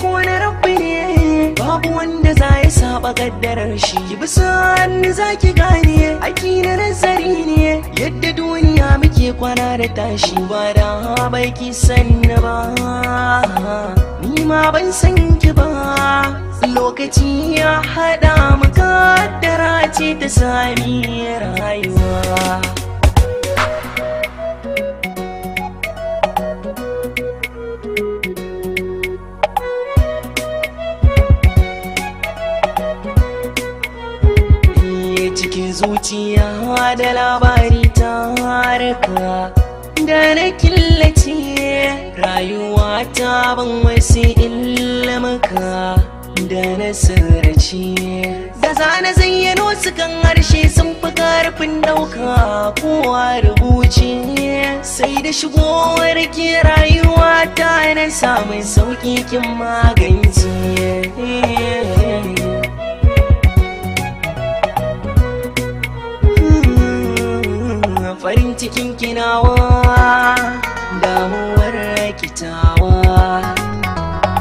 Ko na rabbi ne babu wanda za ya saba kaddarar shi ki bi hannu za ki gane aiki na nazari ne yadda duniya muke kwana da tashi ba da bai ki sanna ba ni ma ban san ki ba lokaci ya haɗa mu kaddara ce ta sami rayuwa zuciya da labari ta harka da na killace rayuwa ta ban wasu ilmaka da na sirrace da zane zayyano su kan harshe sun fi karfin dauka kowa rubuci sai da shigowar ke rayuwa ta na samun sauƙi kin magance cikin kinawa damuwar rikitawa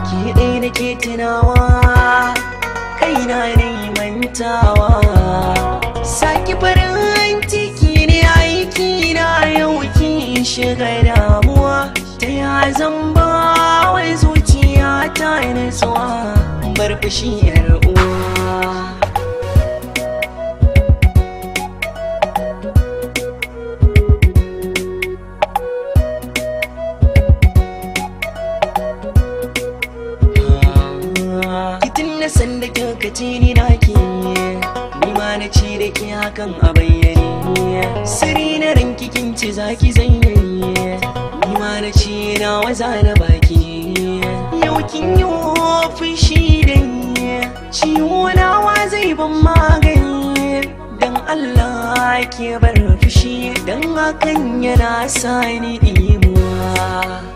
ki ɗaya da ke tunawa kaina ne mantawa saki farin ciki ne aiki na yau ki shiga damuwa ta ya zamba ba wai zuciya ta nutsuwa bar fushi uwa ci naki ni ma na ci da ke hakan a bayyane siri na ranki kin ci zaki zaine ni ma na ci na waza na baki yau kin yi ofin shi da ciwo na wa zai ban magani dan Allah ke bar fushi dan hakan yana sani imuwa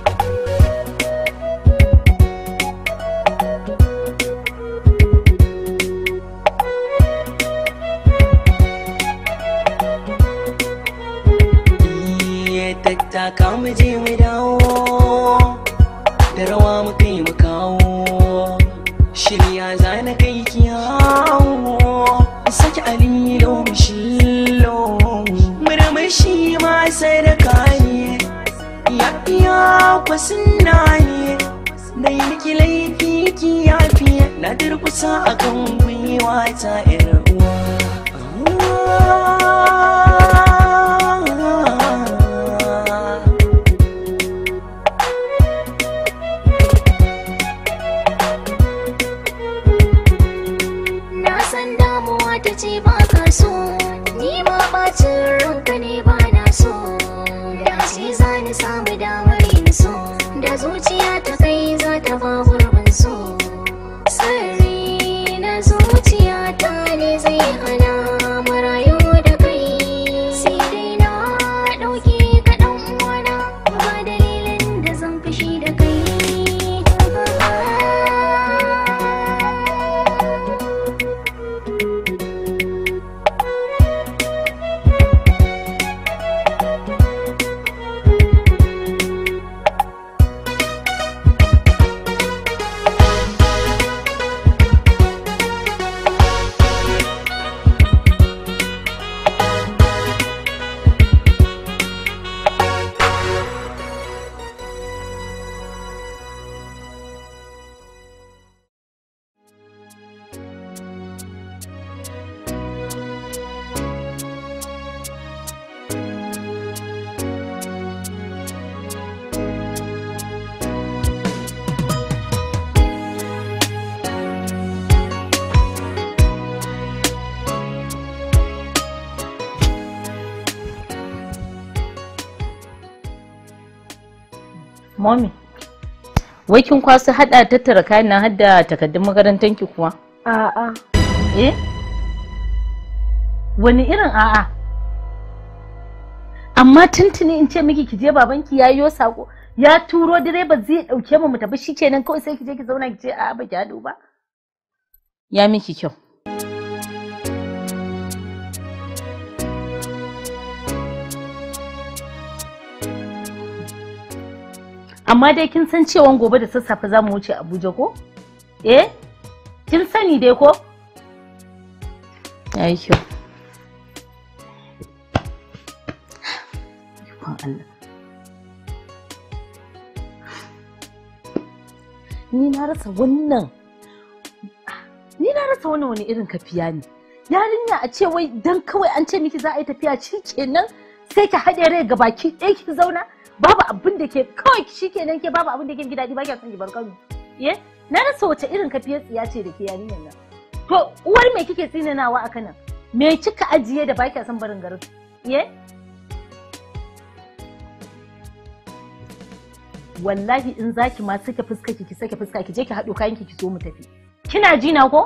Wai kin kwasu hada tattara kayan nan hadda takardun makarantar ki kuwa? A'a. Eh? Wani irin a'a? Amma tuntuni in ce miki ki je babanki ya yi sako ya turo direba zai dauke mu mu tafi shikenan kawai sai ki je ki zauna ki ce a'a ba ki hadu ba. Ya miki kyau. amma dai kin san cewa gobe da sassafe za mu wuce abuja ko eh kin sani dai ko yayi kyau ni na rasa wannan ni na rasa wannan wani irin kafiya ne yarinya a ce wai dan kawai an ce miki za a yi tafiya shi kenan sai ki haɗe rai ga baki ɗaya ki zauna babu abin da ke kawai kenan ke babu abin da ke gidaje ba kya son ki bar Kano ye eh? na rasa wace irin kafiyar tsiya ce da ke yarinyar nan to uwar me kike tsinanawa a kanan me kika ajiye da ba kya son barin garin ye eh? wallahi in zaki ma sake fuska ki sake fuska ki je ki hado kayan ki ki so mu tafi kina ji na ko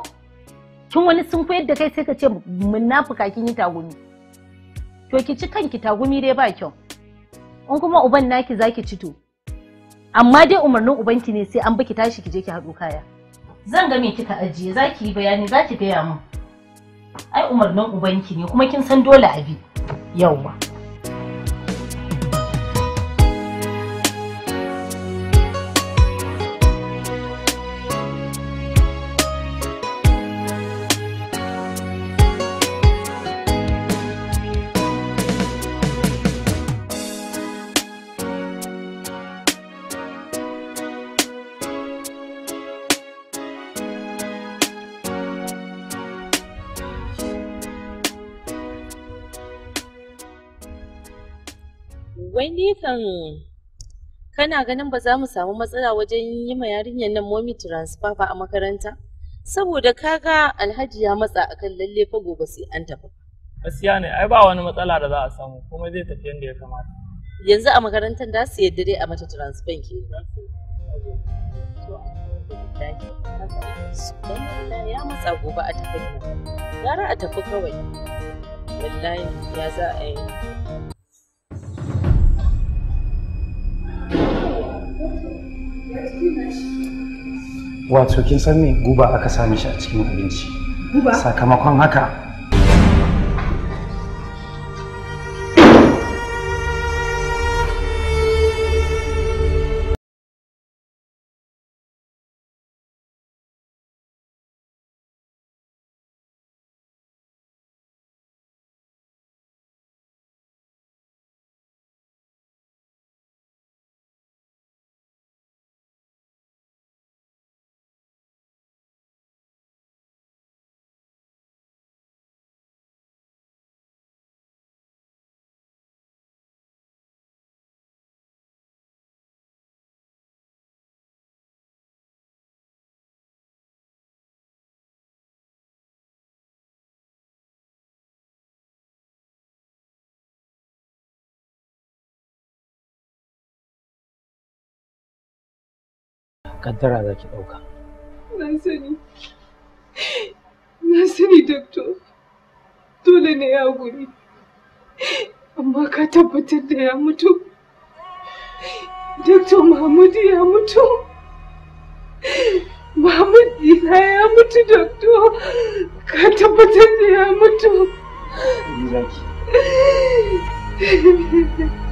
kin wani sun koyar da kai sai ka ce munafuka kin yi tagumi to ki ci kanki tagumi dai ba kyau in kuma uban naki zaki cito amma dai umarnin ubanki ne sai an baki tashi kije je ki haɗo kaya zan ga me kika ajiye zaki yi bayani zaki gaya min ai umarnin ubanki ne kuma kin san dole abi yawwa hakan kana ganin ba za mu samu matsala wajen yi ma yarinyar nan momi transfer ba a makaranta saboda kaga alhaji ya matsa akan lalle fa gobe sai an tafi gaskiya ne ai ba wani matsala da za a samu kuma zai tafi yadda ya kamata yanzu a makarantar da su yadda dai a mata transfer ke ya matsa gobe a tafi gara a tafi kawai wallahi ya za a yi wato kin san me guba aka sami shi a cikin abinci sakamakon haka kaddara za ki ɗauka. Na sani, na sani doctor, dole ne ya guri, amma ka tabbatar da ya mutu. Doctor Mahmud ya mutu. Mahmud ina ya mutu doctor, ka tabbatar da ya mutu. Ni zaki.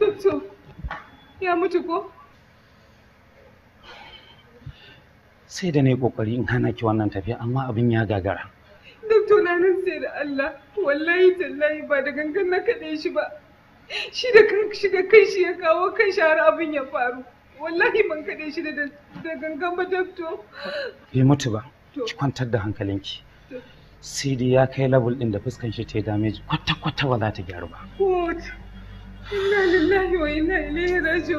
Doktor, ya mutu ko? Sai da na yi ƙoƙari in hana ki wannan tafiya, amma abin ya gagara. Doktor na nan sai da Allah, wallahi tallahi ba da gangan na kaɗe shi ba. Shi da kan shiga kai shi ya kawo kan shi har abin ya faru. Wallahi ban kaɗe shi da gangan ba, Doktor. Bai mutu ba, ki kwantar da hankalinki. Sai dai ya kai labul ɗin da fuskan shi ta yi damage kwata-kwata ba za ta gyaru ba. inna lillahi wa inna ilaihi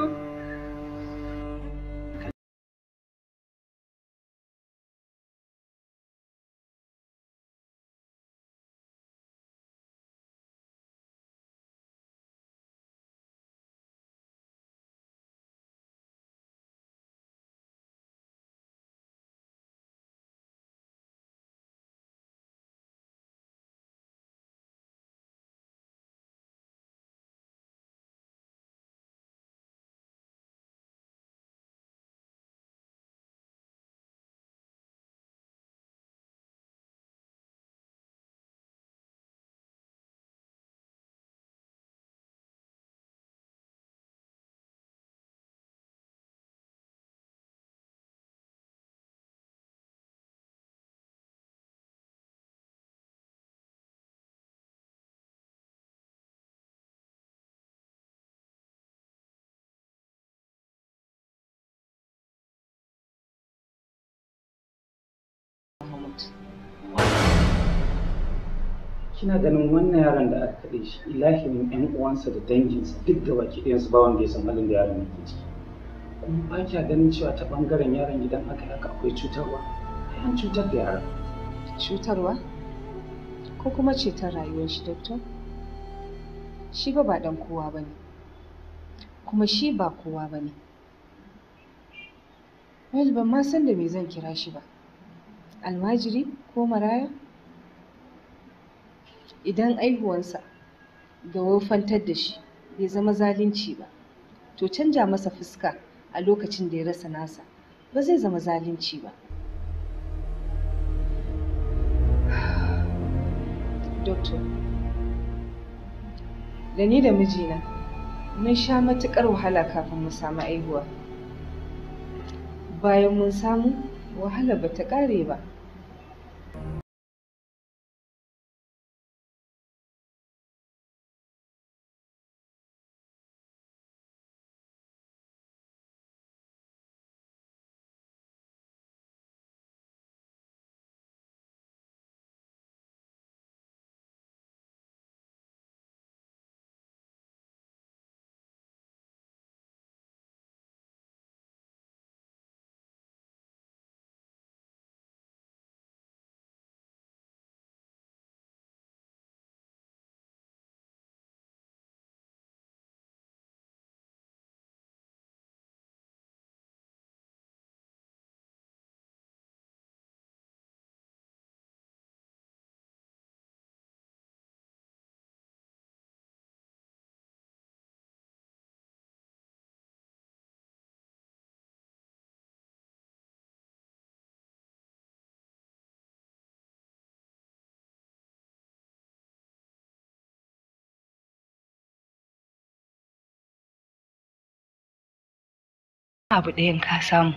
kina ganin wannan yaron da aka kaɗe shi ilahin yan uwansa da danginsa duk da baki ɗayansu ba wanda ya san halin da yaron yake ciki kuma ba kya ganin cewa ta ɓangaren yaron idan aka haka akwai cutarwa ai an cutar da yaron cutarwa ko kuma cetar rayuwar shi doctor shi ba ba ɗan kowa ba ne kuma shi ba kowa ba ne Well, ban ma san da me zan kira shi ba. Almajiri ko maraya? idan aihuwansa ga wofantar da shi bai zama zalunci ba to canja masa fuska a lokacin da ya rasa nasa ba zai zama zalunci ba doctor da ni da mijina mun sha matuƙar wahala kafin mu samu aihuwa bayan mun samu wahala bata ta ƙare ba abu ɗayan ka samu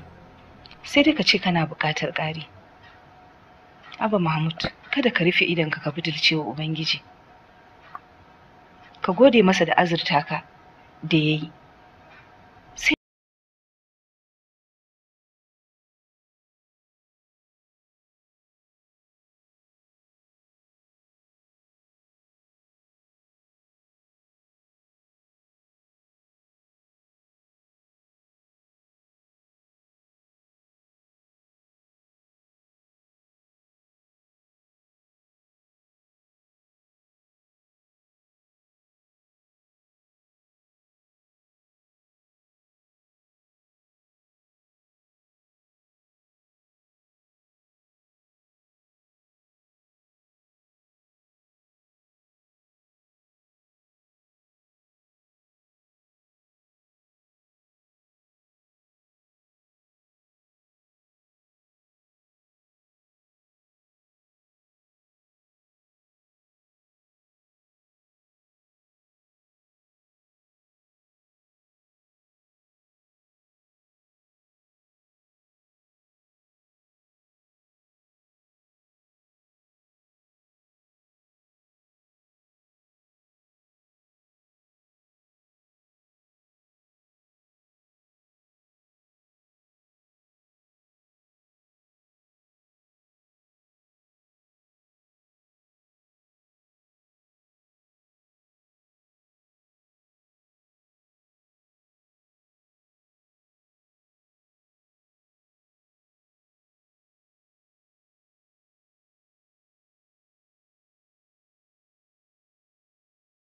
sai dai ka ce kana buƙatar ƙari Abba mahmud kada ka rufe idonka ka budurce wa ubangiji ka gode masa da azurta ka da ya yi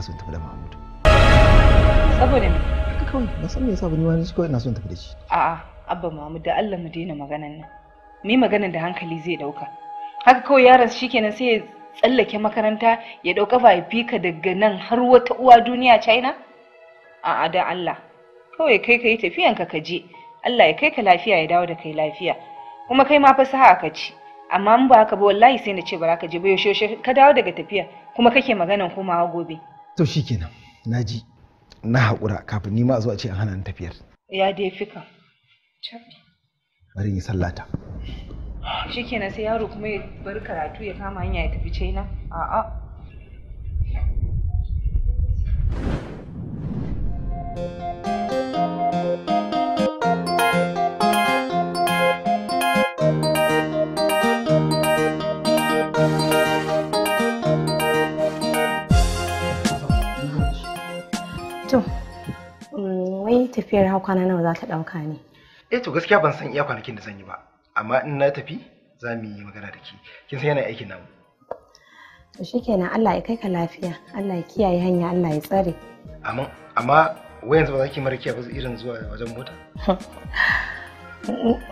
son tafi da Mahmud. Saboda me? Haka kawai san me yasa ba ni wani kawai ina son tafi da shi. A'a, Abba Mahmud da Allah mu daina maganan nan. Ni maganan da hankali zai dauka. Haka kawai yaron shikenan sai ya tsallake makaranta ya dauka fika daga nan har wata uwa duniya China? A'a da Allah. Kawai kai yi tafiyanka ka je. Allah ya kai ka lafiya ya dawo da kai lafiya. Kuma kai ma fasaha ka ci. Amma in ba haka ba wallahi sai na ce ba za ka je ba yaushe ka dawo daga tafiya kuma kake maganan komawa gobe. to kenan na ji na haƙura kafin nima ma a zo ce an hana ni tafiyar ya dai fika bari yi sallata Shi kenan sai yaro kuma ya bar karatu ya kama hanya ya tafi china a'a tafiyar hau kwana nawa za ta ɗauka ne? Eh to gaskiya ban san iya kwanakin da zan yi ba, amma in na tafi za mu yi magana da ke. Kin san yana aikin namu. To shikenan Allah ya kai ka lafiya, Allah ya kiyaye hanya, Allah ya tsare. Amma amma wai yanzu ba za ki mara kiyaye ba irin zuwa wajen mota?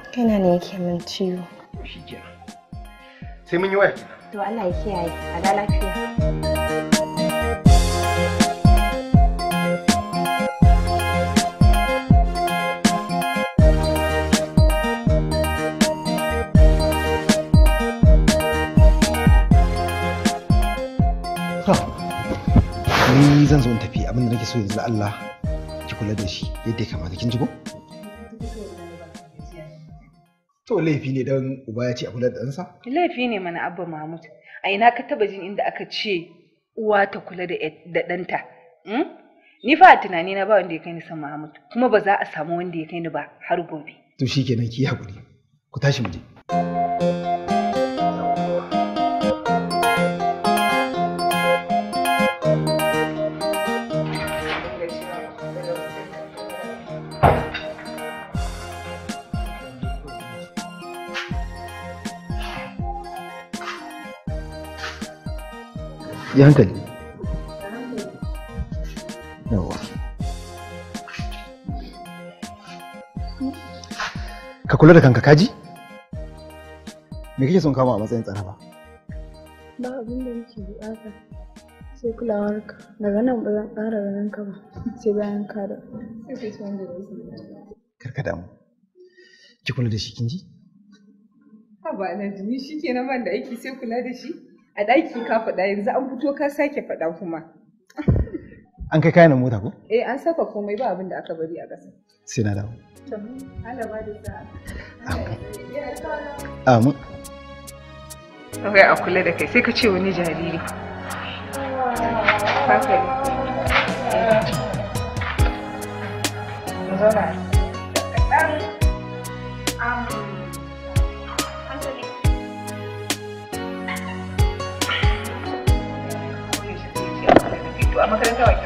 Kana ne yake min ciwo. Shikenan. Sai mun yi waya kenan. To Allah ya kiyaye, a da lafiya. ni zan zo in tafi abin da nake so yanzu Allah ki kula da shi yadda ya kamata kin ji ko to laifi ne dan uba ya ce a kula da ɗansa laifi ne mana abba mahmud a ina ka taba jin inda aka ce uwa ta kula da ɗanta hmm? ni fa a tunani na ba wanda ya kai ni san mahmud kuma ba za a samu wanda ya kai ni ba har gobe to shikenan ki hakuri ku tashi mu je yi hankali yawa ka kula da kanka kaji me kake son kama a matsayin tsara ba abin da nake bukata sai kulawar ka, daga nan ba zan ƙara ganin ka ba sai bayan ka da karka damu ki kula da shi kin ji ba na jini shi kenan ban da aiki sai kula da shi a ɗaki ka faɗa yanzu an fito ka sake faɗa kuma an kai kayan mota ko eh an saka komai ba abin da aka bari a ƙasa sai na dawo amin kawai a kula da kai sai ka ce wani jariri Haka ne. Zauna. I'm not going to tell you.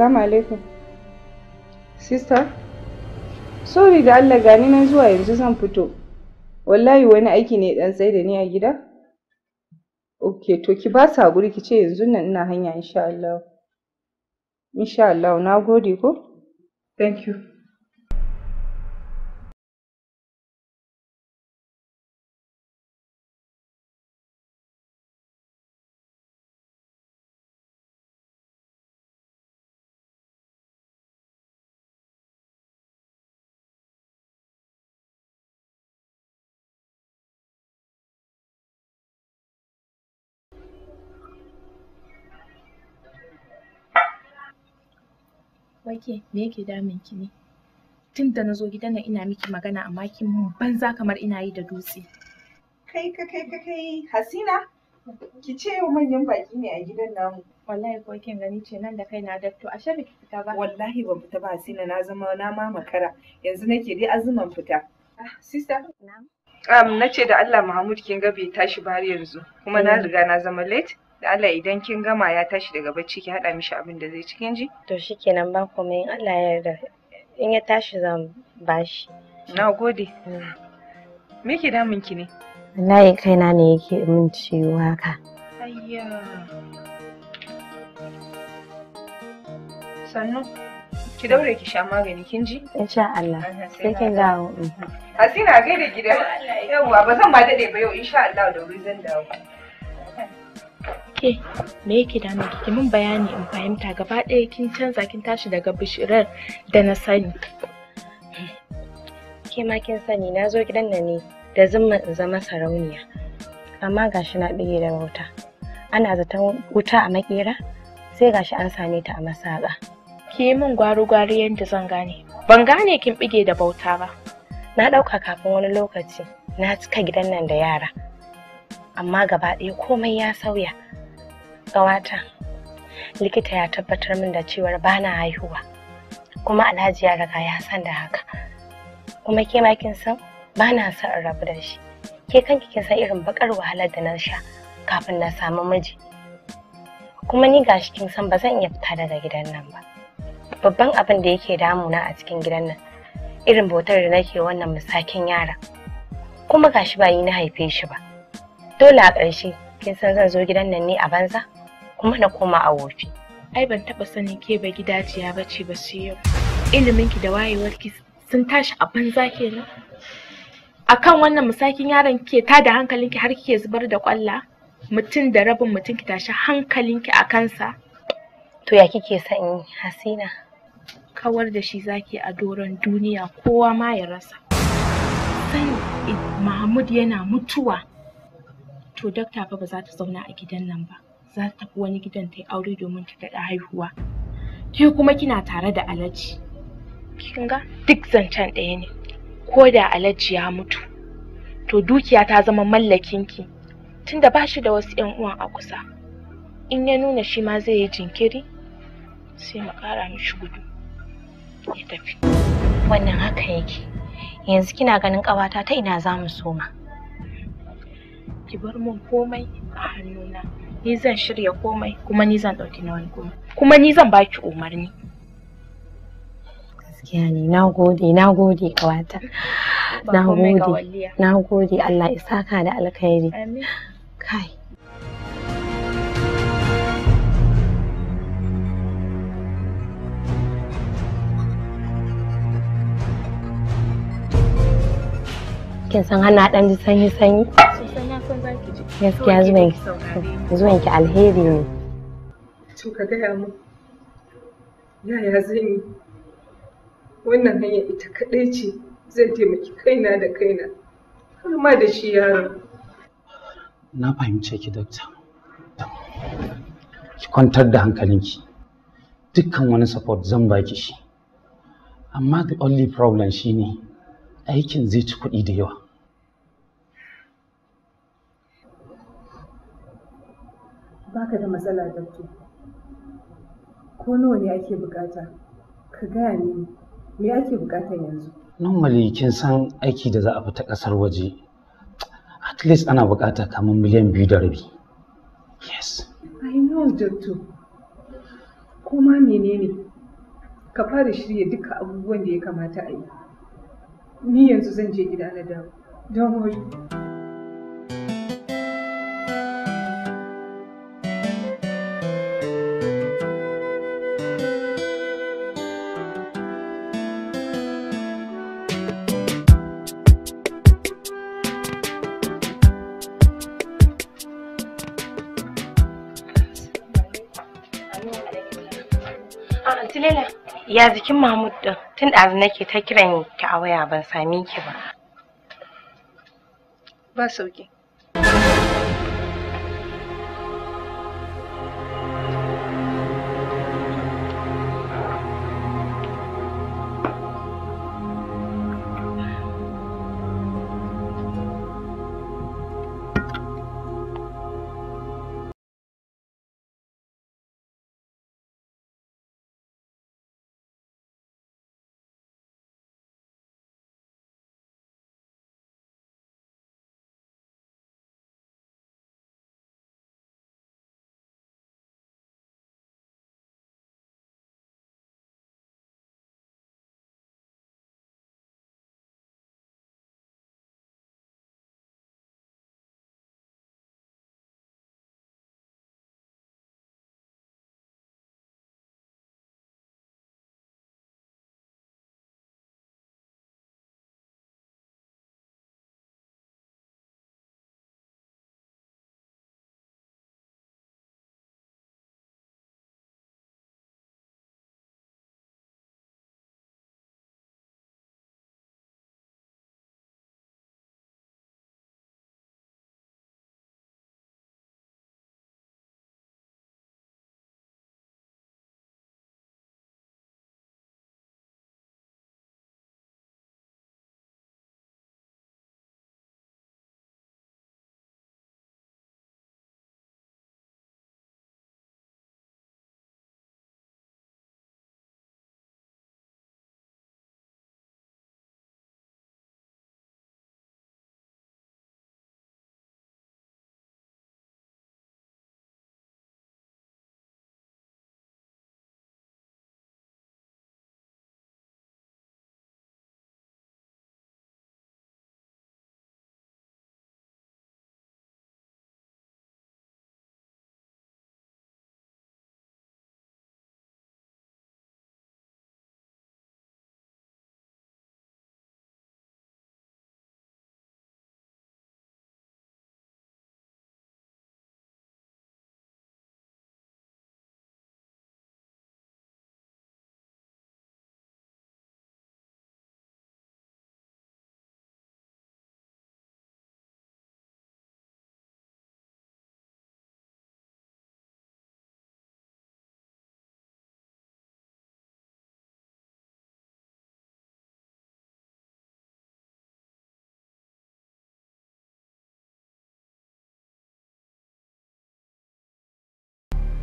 Assalamu alaikum. Sister? Sorry da Allah gani na zuwa yanzu zan fito. Wallahi wani aiki ne dan sai da ni a gida. Okay, to ki ba sa guri ki ce yanzu nan ina hanya insha Allah. Insha Allah, na gode ko? Thank you. wake ke me yake damun ki ne tun da na zo gidan nan ina miki magana amma kin mun banza kamar ina yi da dutse kai ka kai ka kai hasina ki ce yau manyan baki ne a gidan namu wallahi ko kin gani ce nan da kai na dakto a sharri ki fita ba wallahi ban fita ba hasina na zama na ma makara yanzu nake dai azuman fita ah sister na'am um, na ce da Allah Mahmud kin ga bai tashi ba yanzu kuma na eh. riga na zama late da Allah idan kin gama ya tashi daga bacci ki haɗa mishi abin da zai ci kin ji to kenan ban komai in Allah ya yarda in ya tashi zan bashi na gode me ke damun ki ne wallahi kaina ne yake min ciwo haka ayya sannu ki daure ki sha magani kin ji insha Allah sai kin dawo hasina gaida gida yawa ba zan ma dade ba yau insha Allah da wuri zan dawo ke me yake damun ki mun bayani in fahimta gaba ɗaya kin canza kin tashi daga bishirar da na sani ke ma kin sani na zo gidan nan ne da zumma in zama sarauniya amma gashi na ɗige da wuta ana zaton wuta a makera sai gashi an same ta a masaka ki yi min gwari-gwari yadda zan gane ban gane kin bige da bauta ba na ɗauka kafin wani lokaci na cika gidan nan da yara amma gaba ɗaya komai ya sauya Gawata, likita ya tabbatar min da cewar bana haihuwa, kuma Alhaji ya riga ya san da haka. Kuma ke ma kin san bana sa in rabu da shi. Ke kanki kin san irin bakar wahalar da na sha kafin na samu miji. Kuma ni gashi kin san ba zan iya fita daga gidan nan ba. Babban abin da yake damuna a cikin gidan nan irin bautar da nake wannan musakin yara. Kuma gashi ba ni na haife shi ba. Dole a ƙarshe kin san zan zo gidan nan ne a banza? kuma na koma a wofi ai ban taba sanin ke ba gidajiya ba ce ba yau iliminki da wayewarki sun tashi a banza kenan akan wannan musakin yaron ke ta da hankalinki har kike zubar da kwalla mutum da rabin mutum ki tashi hankalinki a kansa to ya kike son hasina kawar da shi zaki a doron duniya kowa ma ya rasa sani mahmud yana mutuwa to dakta fa ba za ta zauna a gidan nan ba za ta tafi wani gidan ta yi aure domin ta daɗa haihuwa ke kuma kina tare da alaji kin ga duk zancen ɗaya ne ko da alaji ya mutu to dukiya ta zama mallakin ki. tunda ba shi da wasu 'yan uwan a kusa in ya nuna shi ma zai yi jinkiri sai mu ƙara mishi gudu ya tafi wannan haka yake yanzu kina ganin ƙawata ta ina za mu soma ki bar mun komai a hannuna ni zan shirya komai kuma ni zan ɗauki nauyin komai kuma ni zan baki umarni gaskiya ne na gode na gode kawata na gode na gode Allah ya saka da alkhairi kai kin san hana dan ji sanyi sanyi gaskiya zuwan ki alheri ne to ka gaya mu yaya zan yi wannan hanya ita kaɗai ce zai taimaki kaina da kaina har ma da shi yaron na fahimce ki dokta ki kwantar da hankalinki dukkan wani support zan baki shi amma the only problem shine aikin zai ci kuɗi da yawa baka da matsala doctor ko nawa ne ake bukata ka gaya ni me ake bukata yanzu nan mali kin san aiki da za a fita kasar waje at least ana bukata kamar miliyan biyu da rabi yes i know doctor ko menene ka fara shirya duka abubuwan da ya kamata a yi ni yanzu zan je gida na dawo don Sulela, ya jikin Mahmud din tun da nake ta kiran ki a waya ban same ki ba. Ba sauki.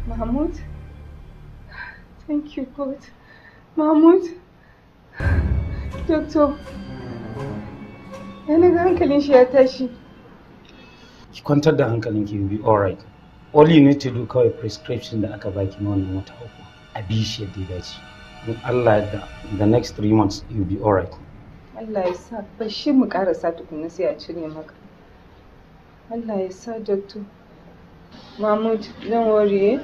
Mahmut. Thank you, God. Mahmut. Doctor, yana ga hankalin shi ya tashi. Ki kwantar da hankalin ki will be alright. All you need to do kawai prescription da aka baki na wannan wata uku. A bi shi yadda ya dace. In Allah da the next three months you be be alright. Allah ya sa bashi mu karasa tukunna sai a cire maka. Allah ya sa doctor. Mahmud zan ware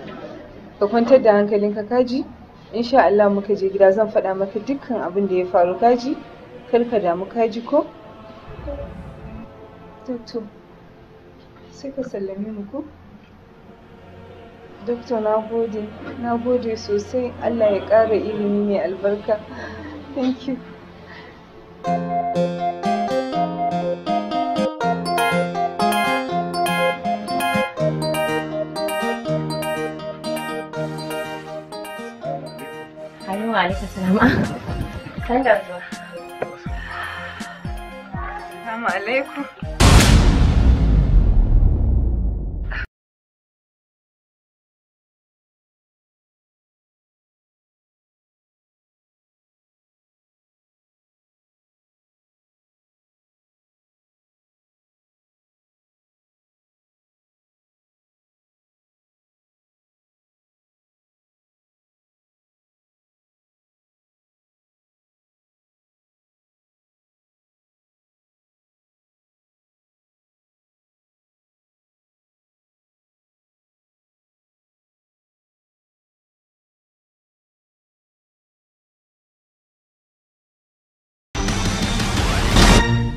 ka kwantar da hankalinka kaji insha Allah muka je gida zan faɗa maka dukkan abin da ya faru kaji kar ka damu kaji ko to sai ka sallame mu ko Dokta na gode, na gode sosai Allah ya ƙara ilimi mai albarka. Thank you. wa alaikar salama. Sanda zuwa. Assalamu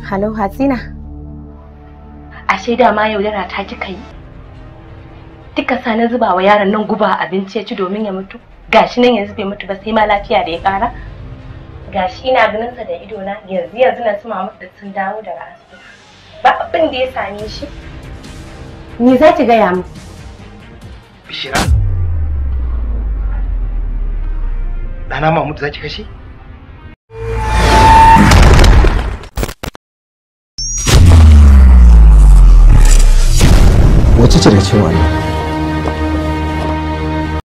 Halo Hasina. Ashe da ma yaudara ta kika yi. Duka sa na zuba wa yaron nan guba abinci ya ci domin ya mutu. Gashi nan yanzu bai mutu ba sai ma lafiya da ya kara? Gashi ina ganin sa da ido na yanzu yanzu na su mamu da sun dawo daga asibiti. Ba abin da ya same shi. Ni za ki gaya mu. Bishira. Ɗana Mahmud za ki kashe? 我直接来亲我你。